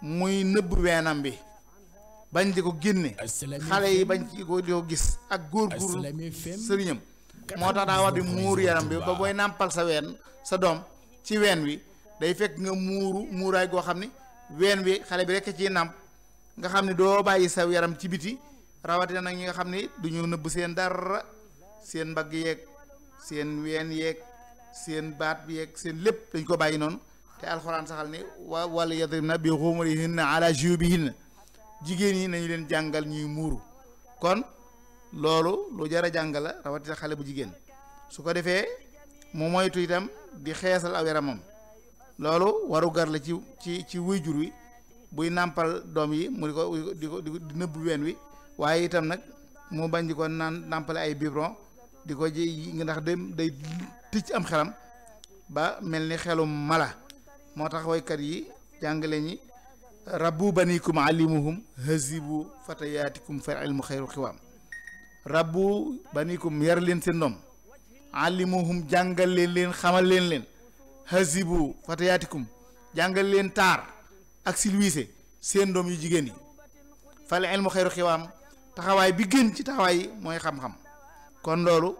muy nëbb weenam bi bañ di ko génne xale yi bañ ci ko di ko gis ak góor góor sëriñam moo tax daa war di muur yaram bi ba booy nàmpal sa ween sa doom ci ween wi day fekk nga muuru muuraay goo xam ni ween wi xale bi rekk ciy nàmp nga xam ne doo bàyyi sa yaram ci biti rawatina nag ñi nga xam ne du ñu nëbb seen dara seen mbagg yeeg seen ween yeeg seen baat bi yeeg seen lépp dañ ko bàyyi noonu te alxuraan saxal ne wa wala yadribna bi xumurihinna ala jubihinna jigéen ñi nañu leen jàngal ñuy muuru kon loolu lu jar a jàng la xale bu jigéen su ko defee mu moytu itam di xeesal aw yaramam loolu waru gar la ci ci ci wéyjur wi buy nàmpal doom yi mu di ko di ko di nëbb ween wi waaye itam nag mu bañ di ko naan nàmpale ay biberon di ko ji ndax day day ticc am xelam ba mel ni xelum mala moo tax waykat yi jàngale ñi rabbu banikum alimuhum hazibu fatayaatikum fal ilmu xayru xiwaam rabbu banikum yar leen seen doom alimuhum jàngal leen leen xamal leen leen hazibu fatayaatikum jàngal leen taar ak silwiise seen doom yu jigéen yi fal ilmu xayru xiwaam taxawaay bi gën ci taxawaay yi mooy xam-xam kon loolu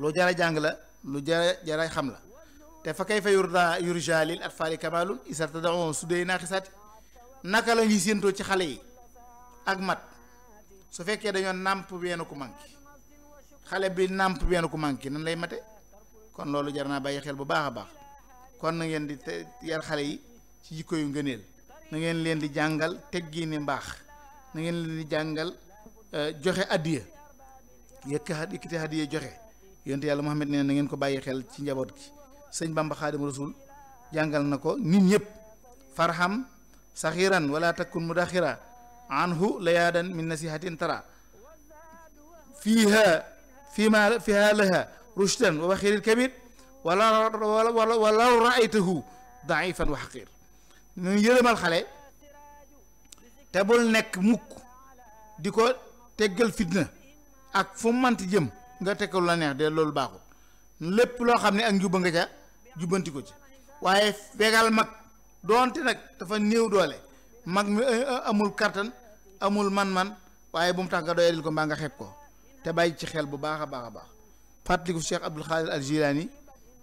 lu jara jàng la lu jara jara xam la te fa kay fa yurda yurja lil atfaali kamaalun isarta dawoon su dee naaxisaati naka la ñuy séentoo ci xale yi ak mat su fekkee dañoo nàmp weenu ku manqué xale bi nàmp benn ku manqué nan lay mate kon loolu jar naa bàyyi xel bu baax a baax kon na ngeen di yar xale yi ci jikko yu ngëneel na ngeen leen di jàngal teggi ni mbaax na ngeen leen di jàngal euh, joxe addiya yëkk yëkkati hadiya joxe yonte yàlla Muhammad nee na ko bàyyi xel ci njaboot gi sëñ Bamba Xaadim Rasul jàngal na ko nit ñëpp farham saxiran wala takkun mudaxira anhu layaadan min nasihatin tara fiiha fiima fiha laha rushdan wa baxiril kabir wala walaw raaytahu daifan wa xaqir ñu yërëmal xale te bul nekk mukk di ko teggal fitna ak fu mu manti jëm nga tekkalu la neex de loolu baaxul lépp loo xam ne ak njuba nga ca jubanti ko ci waaye fegal mag doonte nag dafa néew doole mag mi eh, eh, amul kattan amul man-man waaye bu mu tax nga doyalil ko mbaa nga xeeb ko te bàyyi ci xel bu baax a baax a baax fàttaliku Cheikh Abdul Xaadir al Jilaani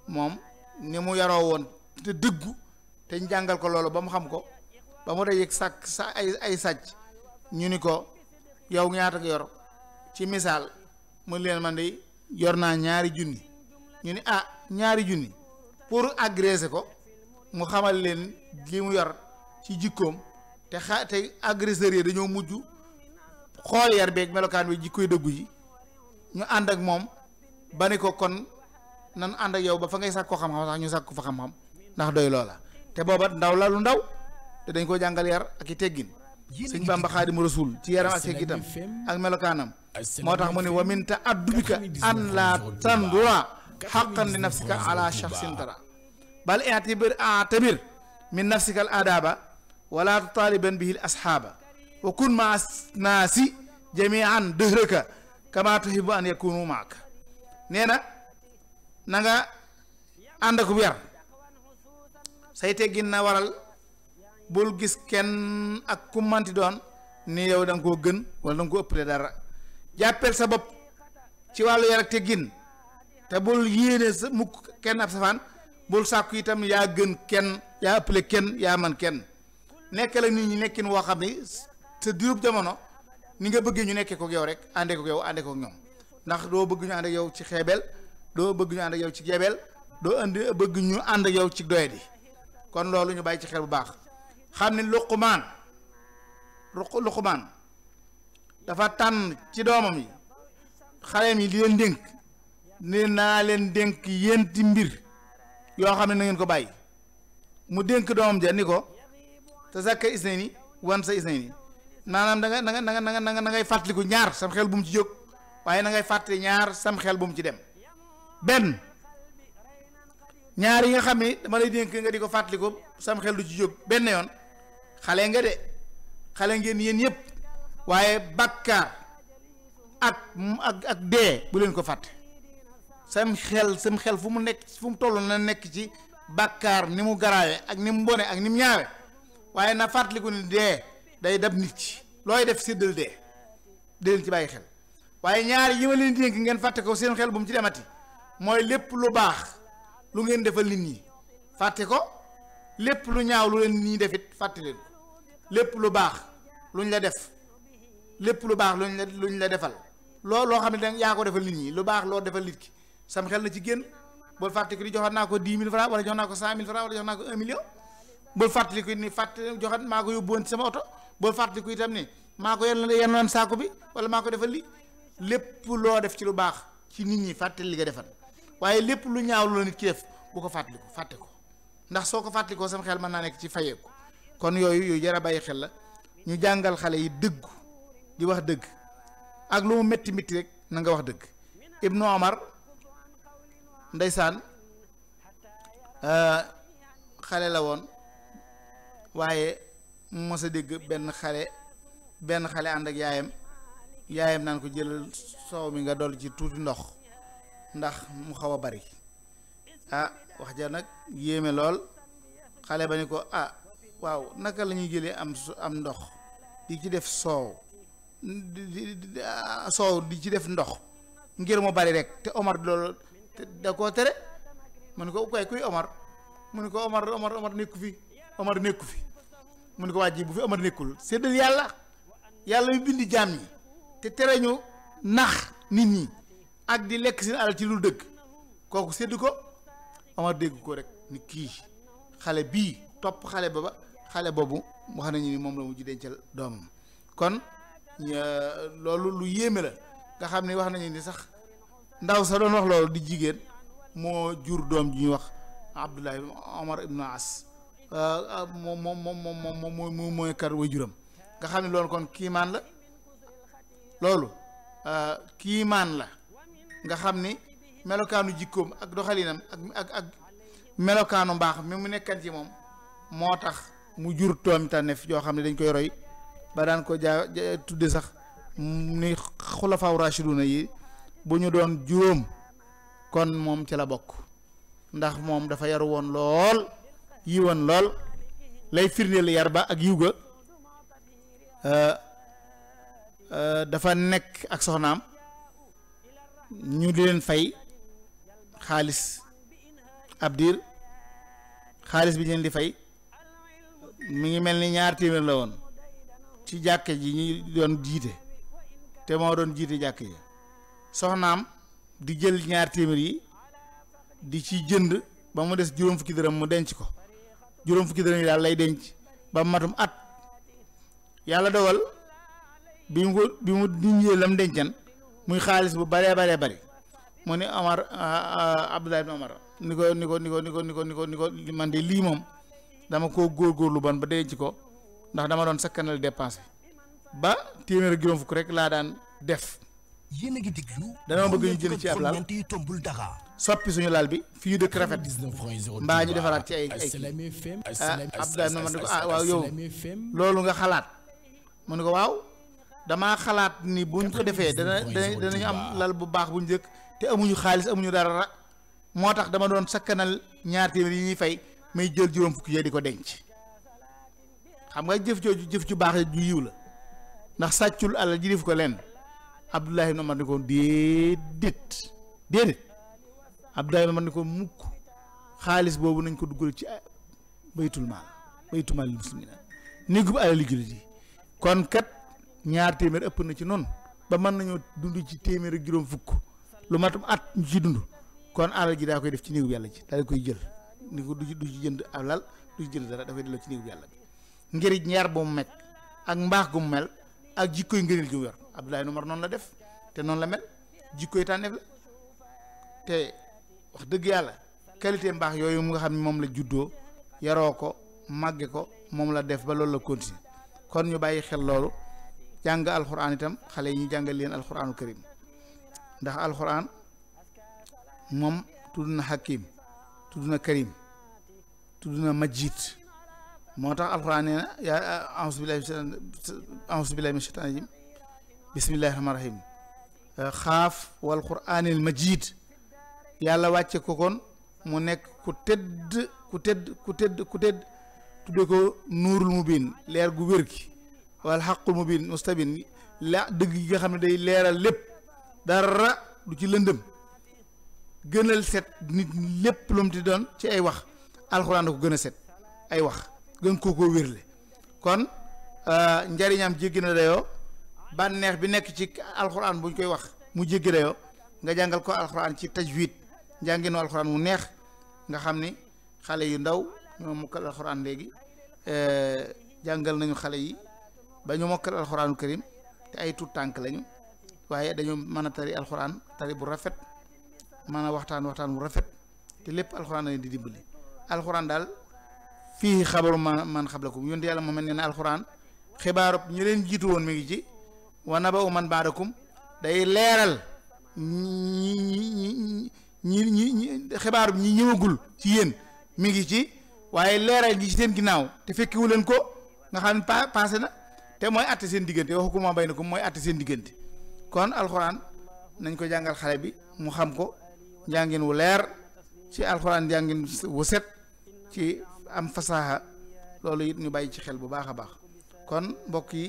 moom ni mu yaroo woon te dëggu te njàngal ko loolu ba mu xam ko ba mu dee yëg sàkk sa ay ay sàcc ñu ni ko yow ñaata nga yor ci misaal mu leen man yor naa ñaari junni ñu ni ah ñaari junni pour agresser ko mu xamal leen li mu yor ci jikkoom te xa te agresseurs yi dañoo mujj xool yar beeg melokaan bi jikkoy dëggu yi ñu ànd ak moom ba ne ko kon nan ànd ak yow ba fa ngay sàkk ko xam-xam sax ñu sàkk ko ndax doy loola te booba ndaw la ndaw te dañ ko jàngal yar ak i teggin sëñ Bamba Xaadimu Rasuul ci yaram ak segitam ak melokaanam moo tax mu ne wa min ta addubika an laa tandura xaqan li nafsika ala shaxsin dara bal i'tabir a'tabir min nafsika al adaba wala tutaaliban bihi al asxaaba wa kun maa naasi jamian dëhrëka kama tuhibu an yakunu maak nee na na nga ànd ak yar say teggin na waral bul gis kenn ak ku manti doon ni yow da nga koo gën wala da koo ëppale dara jàppeel sa bopp ci wàllu yar ak teggin te bul yéene sa mukk kenn ab safaan bul sàkku itam yaa gën kenn yaa ëppale kenn yaa man kenn nekk la nit ñi nekkin woo xam ni sa diirub jamono ni nga bëggee ñu nekkee ko yow rek àndee ko yow àndee kook ñoom ndax doo bëgg ñu ànd ak yow ci xeebeel doo bëgg ñu ànd ak yow ci geebeel doo andi bëgg ñu ànd ak yow ci doyadi kon loolu ñu bàyyi ci xel bu baax xam ne luqumaan ruq luqumaan dafa tànn ci doomam yi xaleem yi di leen dénk ne naa leen dénk yénti mbir yoo xam ne na ngeen ko bàyyi mu dénk doomam ja ni ko te sàkka is nay ni wan sa is nay ni maanaam da nga da nga da nga nanga nga da fàttaliku ñaar sam xel bu mu ci jóg waaye na ngay fàttali ñaar sam xel bu mu ci dem benn ñaar yi nga xam ne dama lay dénk nga di ko fàttaliku sam xel du ci jóg benn yoon xale nga de xale ngeen yéen yëpp waaye bàkkaar ak ak ak dee bu leen ko fàtte sam xel sam xel fu mu nekk fu mu toll na nekk ci bàkkaar ni mu garaawe ak ni mu bone ak ni mu ñaawe waaye na fàttaliku ne dee day dab looy def séddal dee dee ci bàyyi xel waaye ñaar yi ma leen ngeen fàtte ko seen xel bu mu ci demati mooy lépp lu baax lu ngeen defal nit ñi fàtte ko lépp lu ñaaw lu leen nit def defit fàtte leen lépp lu baax lu ñu la def lépp lu baax luñ la luñ la defal loo loo xam ne da yaa ko defal nit ñi lu baax loo defal nit ki sam xel na ci génn bul fàttaliku ni naa ko di mille francs wala jox naa ko cent mille francs wala jox naa ko un million bul ni fàttali joxat maa ko yóbbuwoon ci sama oto bul fàttaliku itam ni maa ko yenn yenn saako bi wala maa ko defal li lépp loo def ci lu baax ci nit ñi fàttali li nga defal waaye lépp lu ñaaw lu la nit ki def bu ko fàttaliku fàtte ko ndax soo ko fàttalikoo sam xel mën naa nekk ci fayeeku kon yooyu yooyu jar a bàyyi xel la ñu jàngal xale yi dëggu di wax dëgg ak lu mu métti métti rek nanga wax dëgg Ibnu Omar ndeysaan euh, xale la woon waaye mos a dégg benn xale benn xale ànd ak yaayam yaayam naan ko jël soow mi nga dolli ci tuuti ndox ndax mu xaw a bari ah wax ja nag yéeme lool xale ba ni ko ah waaw naka la ñuy jëlee am am ndox di ci def soow ah, soow di ci def ndox ngir mu bari rek te Omar loolu da koo tere mu ne ko kay kuy Omar mu ne ko Omar Omar nekku fi Omar nekku fi mu ne ko waa ji bu fi Omar nekkul séddal yàlla yàlla bi bindi jaam yi te tere ñu nax nit ñi ak di lekk seen alal ci lu dëgg kooku sédd ko Omar dégg ko rek ni kii xale bii topp xale ba ba xale boobu wax nañu ni moom la mujj dencal doomam kon loolu lu yéeme la nga xam ne wax nañu ni sax ndaw sa doon wax loolu di jigéen moo jur doom ji ñuy wax Abdullahi Omar Ibn As ah, ah, moom moom moom moom moom mooy kar loolu kon kiimaan la loolu ah, kiimaan la nga xam ni melokaanu jikkoom ak doxalinam ak ak ak melokaanu mbaax mi mu nekkan moom moo tax mu jur toom tànneef yoo xam ne dañ koy roy ba daan ko jaa tudde sax ni xulafaaw rashiduna yi bu ñu doon juróom kon moom ci la bokk ndax moom dafa yaru woon lool yi woon lool lay firndeel yar ba ak yiw dafa nekk ak soxnaam ñu di leen fay xaalis ab xaalis bi ñu leen di fay mi ngi mel ni ñaar téeméer la woon ci jàkke ji ñi doon jiite te moo doon jiite jàkk ji soxnaam di jël ñaar téeméer yi di ci jënd ba mu des juróom fukki dërëm mu denc ko juróom fukki dërëm yi daal lay denc ba mu matum at yàlla dogal bi mu ko bi mu dinjee lam dencan muy xaalis bu baree baree bari mu ni Omar ah, ah, Abdoulaye ibn Omar ni ko ni ko ni ko ni ko ni ko ni ko man de lii moom dama koo góorgóorlu ban ba denc ko ndax dama doon sakkanal dépense ba téeméer ak juróom fukk rek laa daan def dana bëgg ñu jënd ci ab laal soppi suñu lal bi fii yu dëkk rafet mbaa ñu defaraat ci ay ah, ay ah, Abdoulaye ma ne ko ah waaw yow loolu nga xalaat mu ne ko waaw damaa xalaat ni buñ ko defee dana am lal bu baax bu njëkk te amuñu xaalis amuñu dara moo tax dama doon sakkanal ñaar téeméer yi ñuy fay may jël juróom fukki yooyu di ko denc xam nga jëf jooju jëf ju baax ju yiw la ndax sàccul alal ji def ko lenn Abdullahi ibn Omar ni ko déedéet déedéet Abdullahi ibn Omar ko mukk xaalis boobu nañ ko duggal ci baytul maal baytul maal muslimina néegub alal jullit yi kon kat ñaar téeméer ëpp na ci noonu ba mën nañoo dund ci téeméer juróom fukk lu matum at ñu ci dund kon alal ji daa koy def ci néegub yàlla ji daal koy jël ni ko du du ci jënd alal du ci jënd dara dafay delloo ci néegu yàlla bi ngir ñaar ba mu mekk ak mbaax gu mu mel ak jikkoy ngëneel ju wér Abdoulaye Umar noonu la def te noonu la mel jikkoy tànneef la te wax dëgg yàlla qualité mbaax yooyu mu nga xam ne moom la juddoo yaroo ko màgge ko moom la def ba loolu la continuer kon ñu bàyyi xel loolu jàng alxuraan itam xale yi ñu jàngal leen alxuraanu karim ndax alxuraan moom tudd na xakim tudd na karim tudd na majid moo tax alxuraan nee na yaa auzu billahi auzu billahi min shaytaani rajim bismillahi xaaf wal quraanil majid yàlla wàcce ko kon mu nekk ku tëdd ku tëdd ku tëdd ku tëdd tudde ko nuurul mubin leer gu wér gi walla xaqul mubin mustabin la dëgg gi nga xam ne day leeral lépp dara du ci lëndëm gënal set nit lépp lu mu di doon ci ay wax alxuraan da ko gën a set ay wax gën koo koo wérle kon euh, njariñam jéggi na dayoo bànneex bi nekk ci alxuraan buñ koy wax mu jéggi dayoo nga jàngal ko alxuraan ci tajwid njànginu alxuraan mu neex nga xam ni xale yu ndaw ñoo mokkal alxuraan léegi euh, jàngal nañu xale yi ba ñu mokkal alxuraanu karim te ay tuut tànk lañu waaye dañu mën a tari alxuraan tari bu rafet maanaam waxtaan waxtaan mu rafet te lépp alxuraan la di dimbali daal fii xabaru ma man xablakum yonent yàlla Muhammad nee na alxuraan xibaaru ñu leen woon mi ngi ci wa man ba'dakum day leeral ñi ñi ñi ñi ñi xibaaru ñi ñëwagul ci yéen mu ngi ci waaye leeral gi ci seen ginnaaw te fekkiwu leen ko nga xam ne na te mooy àtte seen diggante waxu ko ma bay na ko mooy àtte seen diggante kon alxuraan nañ ko jàngal xale bi mu xam ko. njàngin wu leer ci alxuraan njàngin wu set ci am fasaaxa loolu it ñu bàyyi ci xel bu baax a baax kon mbokk yi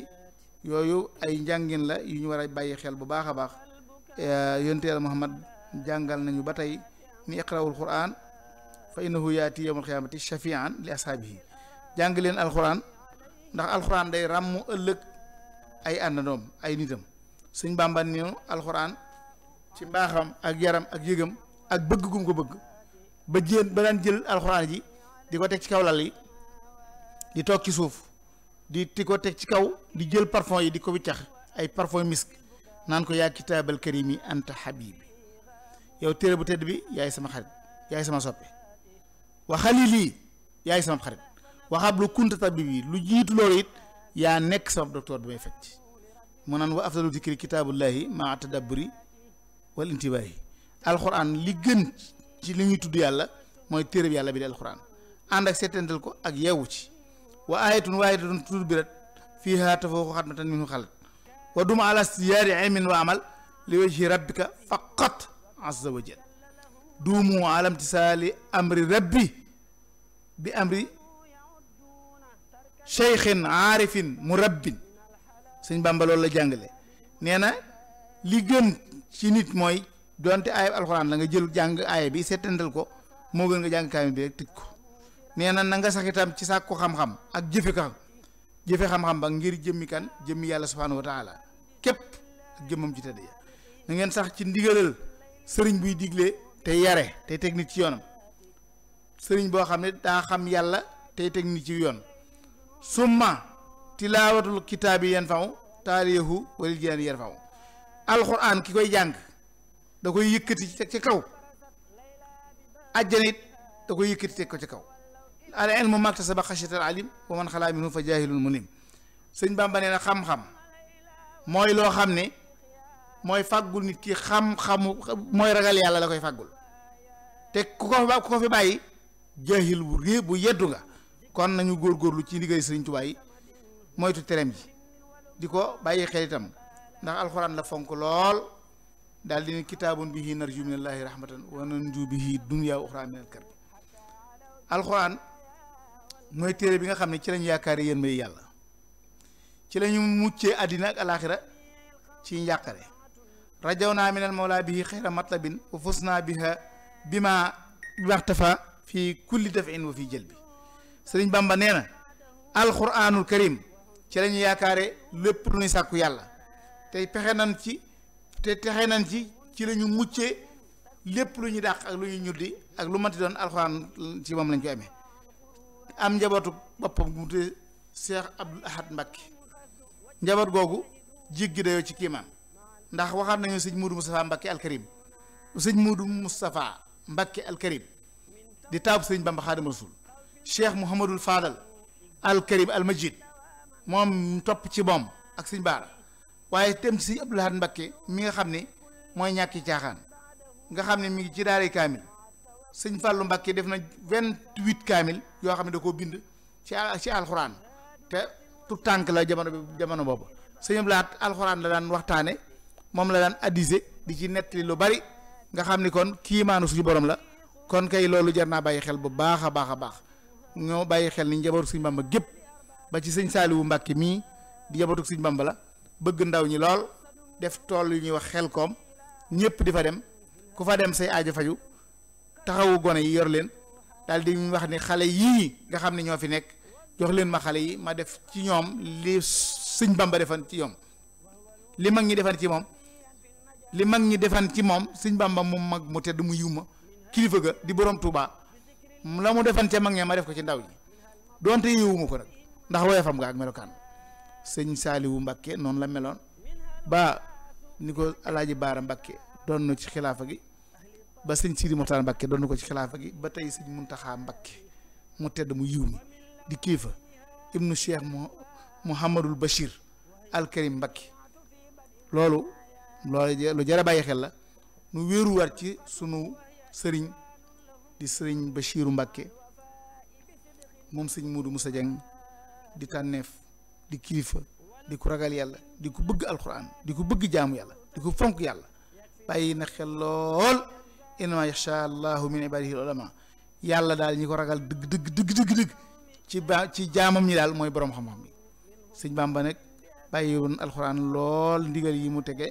yooyu ay njàngin la yu ñu war a bàyyi xel bu baax a baax eh, yonteel Muhammad jàngal nañu ba tey ni iqrawul quran fa innahu yaati yawmal qiyaamati shafian li ashaabihi jàng leen alxuraan ndax alxuraan day ràmm ëllëg ay àndandoom ay nitam suñ bàmban alxuraan ci mbaaxam ak yaram ak yëgam ak bëgg gum ko bëgg ba jéen ba daan jël alxuraan ji di ko teg ci kaw lal yi di toog ci suuf di di ko teg ci kaw di jël parfum yi di ko wiccax ay parfum misk naan ko yaa kitaabal karimi ant habibi yow téere bu tedd bi yaay sama xarit yaay sama soppe wa xalili yaay sama xarit waxab lu kunta tabibi lu jiitu loolu it yaa nekk sama docteur bi may fecc mu naan wa afdalu zikri kitaabullahi maa tadabburi wal intibaahi alxuraan li gën ci li ñuy tudd yàlla mooy téereb yàlla bi di alxuraan ànd ak seetantal ko ak yeewu ci wa aayatun waahidatun tudbirat fiihaa tafawwaqu xatmatan minhu xalat wa dum ala siyaari ilmin wa amal li wajhi rabbika faqat azza wa jal duumu ala amri rabbi bi amri cheikhin aarifin murabbin sëñ Bàmba loolu la jàngale nee na li gën ci nit mooy donte ayib alxuraan la nga jël jàng aaya bi settandal ko moo gën nga jàng kaamil bi rek tëj ko nee na na nga sax itam ci sàkku xam-xam ak jëfe ka jëfe xam-xam ba ngir jëmmi kan jëmmi yàlla subhaanahu wa taala képp ak jëmmam ci tëdd ya na ngeen sax ci ndigalal sëriñ buy digle te yare tey teg nit ci yoonam sëriñ boo xam ne daa xam yàlla tey teg nit ci yoon summa tilaawatul kitaabi yan faw taaliyahu walil jinaan yan faw alxuraan ki koy jàng da koy yëkkati teg ci kaw àjjana it da koy yëkkati teg ko ci kaw al ilmu maktasaba xashatal alim wa man xalaa minhu fa jaahilun munim sëñ Bàmba nee na xam-xam mooy loo xam ne mooy fàggul nit ki xam-xamu mooy ragal yàlla la koy fàggul te ku ko ku ko fi bàyyi jaahil bu rée bu yeddu nga kon nañu góorgóorlu ci ndigal sëriñ Tuubaa moytu tereem ji di ko bàyyi xel itam ndax alxuraan la fonk lool daal di ne kitaabun bihi narju minallaahi rahmatan wa nanju bihi dunya uxra minal karbi alxuraan mooy téere bi nga xam ne ci lañ yaakaari yéen may yàlla ci lañu muccee àddina ak alaaxira ci njàqare rajaw naa minal mawla bihi xayra matlabin wa fus naa biha bi ma waxtafa fii kulli dafin wa fi jël bi sëriñ bamba nee na alxuraanul karim ci lañu yaakaare lépp lu ñuy sàkku yàlla tey pexe ci te texe nañ ci ci la ñu muccee lépp lu ñu dàq ak lu ñu di ak lu manti doon alxuraan ci moom lañ koy amee am njabootu boppam gu mu tuddee Cheikh Abdoul Ahad Mbacké njaboot googu jéggi dayoo ci kiimaan ndax waxaat nañu sëñ Moudou Moustapha Mbacké alkarim sëñ Moudou Moustapha Mbacké alkarim di taab sëñ Bamba Xaadimu Rasuul Cheikh Mouhamadul Fadal alkarim almajid moom topp ci moom ak sëñ Baara waaye tem si Abdou mbakke mi nga xam ni mooy ñàkki caaxaan nga xam ne mi ngi ci daari kaamil sëñ Fallou Mbacké def na vingt-huit kaamil yoo xam ne da koo bind ci ci alxuraan te tu tànk la jamono bi jamono boobu sëñ Abdou alxuraan la daan waxtaane moom la daan addise di ci nettali lu bari nga xam ni kon kiimaanu suñu borom la kon kay loolu jar naa bàyyi xel bu baax a baax a baax ñoo bàyyi xel ni njabootu suñu Bamba gépp ba ci sëñ Saaliwu Mbàkke mii di njabootu suñu la bëgg ndaw ñi lool def tool yu ñuy wax xel koom ñëpp di fa dem ku fa dem say aajo faju taxawu gone yi yor leen daal di wax ni xale yii nga xam ne ñoo fi nekk jox leen ma xale yi ma def ci ñoom li sëñ Bamba defan ci ñoom li mag ñi defan ci moom li mag ñi defan ci moom sëñ Bamba mu mag mu tedd mu yiw ma kilifa ga di borom Touba la mu defan ca mag ña ma def ko ci ndaw ñi donte yiwu ma ko nag ndax woyofam nga ak melokaan sëñ saali wu Mbàkke noonu la meloon ba ni ko alaaji baara Mbàkke doon na ci xilaafa gi ba sëñ Sidi Moxtaar Mbàkke doon na ko ci xilaafa gi ba tey sëñ Muntaxaa Mbàkke mu tedd mu yiw mi di kiifa ibnu cheikh mo Mouhamadul Bachir alkarim Mbàkke loolu loolu lu jar bàyyi xel la nu wéeruwaat ci sunu sëriñ di sëriñ Bachiru Mbàkke moom sëñ Muudu Musa Jeng di tànneef di kilifa di ku ragal yàlla di ku bëgg alquran di ku bëgg jaamu yàlla di ku fonk yàlla bàyyi na xel lool innama yaxsha allahu min ibadihi al ulama yàlla daal ñi ko ragal dëgg dëgg dëgg dëgg ci baa ci jaamam ñi daal mooy borom xam-xam bi sëñ Bamba nag bàyyiwoon alxuraan lool ndigal yi mu tege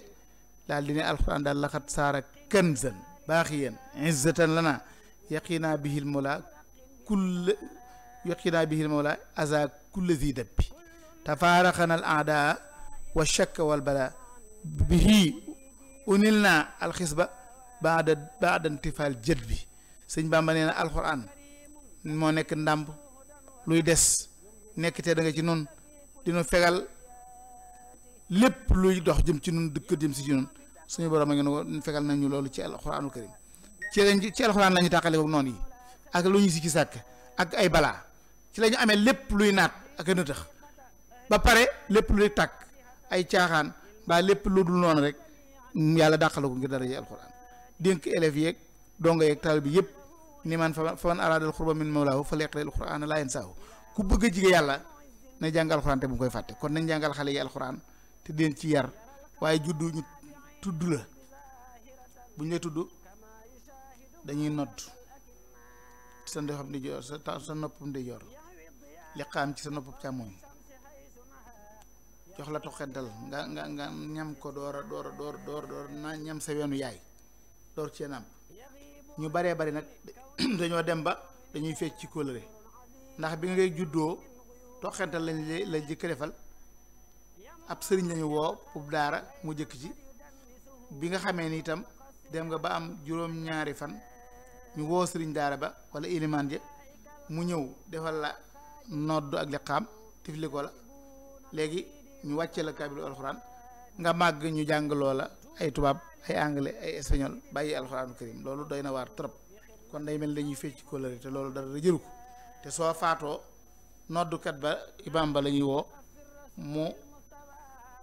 daal di ne alxuraan daal laxat saara kanzan baaxiyan izzatan lana yaqina bihil mawla kull yaqina bihil mawla aza kull zi dabbi tafaaraxana al aada wa shakk wal bala bihi unil naa alxisba baada baada intifaal jët bi sëñ Bàmba nee na alxuraan moo nekk ndàmb luy des nekk te da nga ci nun dina fegal lépp luy dox jëm ci nun dëkk jëm si ci nun suñu borom a ngi nu fegal nañu loolu ci alxuraanul karim ci lañ ci alxuraan la ñu tàqale ko yi ak lu ñu si ci sàkk ak ay balaa ci la amee lépp luy naat ak a nëtëx ba pare lépp luy takk ay caaxaan mbaa lépp lu dul noonu rek yàlla dàqala ko ngir dara jee alxuraan dénk élèves yeeg dongo yeeg taal bi yëpp ni man fa fa man araadal xurba min mawlaahu fa leeqale alxuraan laa ku bëgg a yàlla na jàng alxuraan te bu koy fàtte kon nañ jàngal xale te deen ci yar waaye juddu ñu tudd la bu ñu lay tudd dañuy nodd sa ndoxam di joor sa sa noppam di joor liqaam ci sa noppam càmmooñ jox la toxetal nga nga nga ñam ko door a door a door door door naa ñam sa weenu yaay door cee nàmp ñu baree bari nag dañoo dem ba dañuy fecc ci kóllëre ndax bi ngay juddoo toxetal lañ la jëkk defal ab sëriñ lañu woo pub daara mu jëkk ci bi nga xamee ni itam dem nga ba am juróom-ñaari fan ñu woo sëriñ daara ba wala ilimaan ja mu ñëw defal la nodd ak liqaam tifli ko la léegi ñu wàccee la kaabilu alxuraan nga màgg ñu jàng loola ay tubaab ay anglais ay espagnol bàyyi alxuraanu karim loolu doy na waar trop kon day mel dañuy fecc kóllëre te loolu dara jëru ko te soo faatoo noddukat ba imaam ba la ñuy woo mu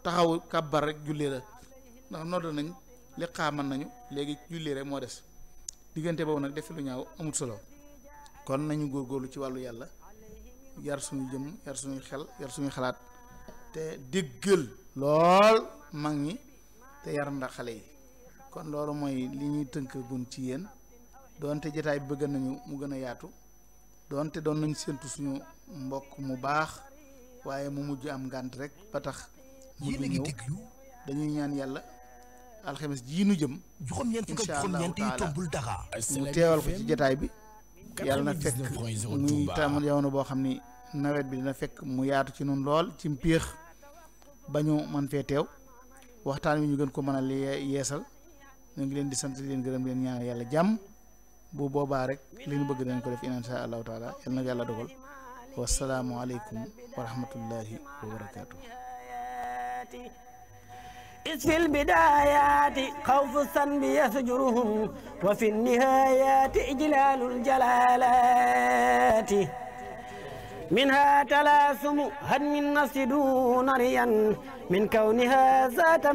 taxaw kàbbar rek julli la ndax nodd nañ li xaaman nañu léegi julli rek moo des diggante boobu nag def lu ñaaw amut solo kon nañu góor góorlu ci wàllu yàlla yar suñu jëm yar suñuy xel yar suñuy xalaat te déggal lool mag ñi te yar ndax xale yi kon loolu mooy li ñuy tënkagun ci yéen doonte jataay bi bëgg nañu mu gën a yaatu doonte doon nañ séentu suñu mbokk mu baax waaye mu mujj am ngànt rek ba tax mujj ñëw dañuy ñaan yàlla alxames jii nu jëm insha allahu taala mu teewal ko ci jataay bi yàlla na fekk muy tam yow na boo xam ni nawet bi dina fekk mu yaatu ci nun lool ci mpiix ba ñu man fee teew waxtaan wi ñu gën ko mën a yeesal ñu ngi leen di sant leen gërëm leen ñaanal yàlla jàmm bu boobaa rek li bëgg dañ ko def insha allahu taala yal na yàlla dogal wasalaamu aleykum wa rahmatullahi wa barakaatu إذ في البدايات خوف الصنب يسجره وفي النهايات إجلال الجلالات منها تلاسم هدم النص دون ريا من كونها ذات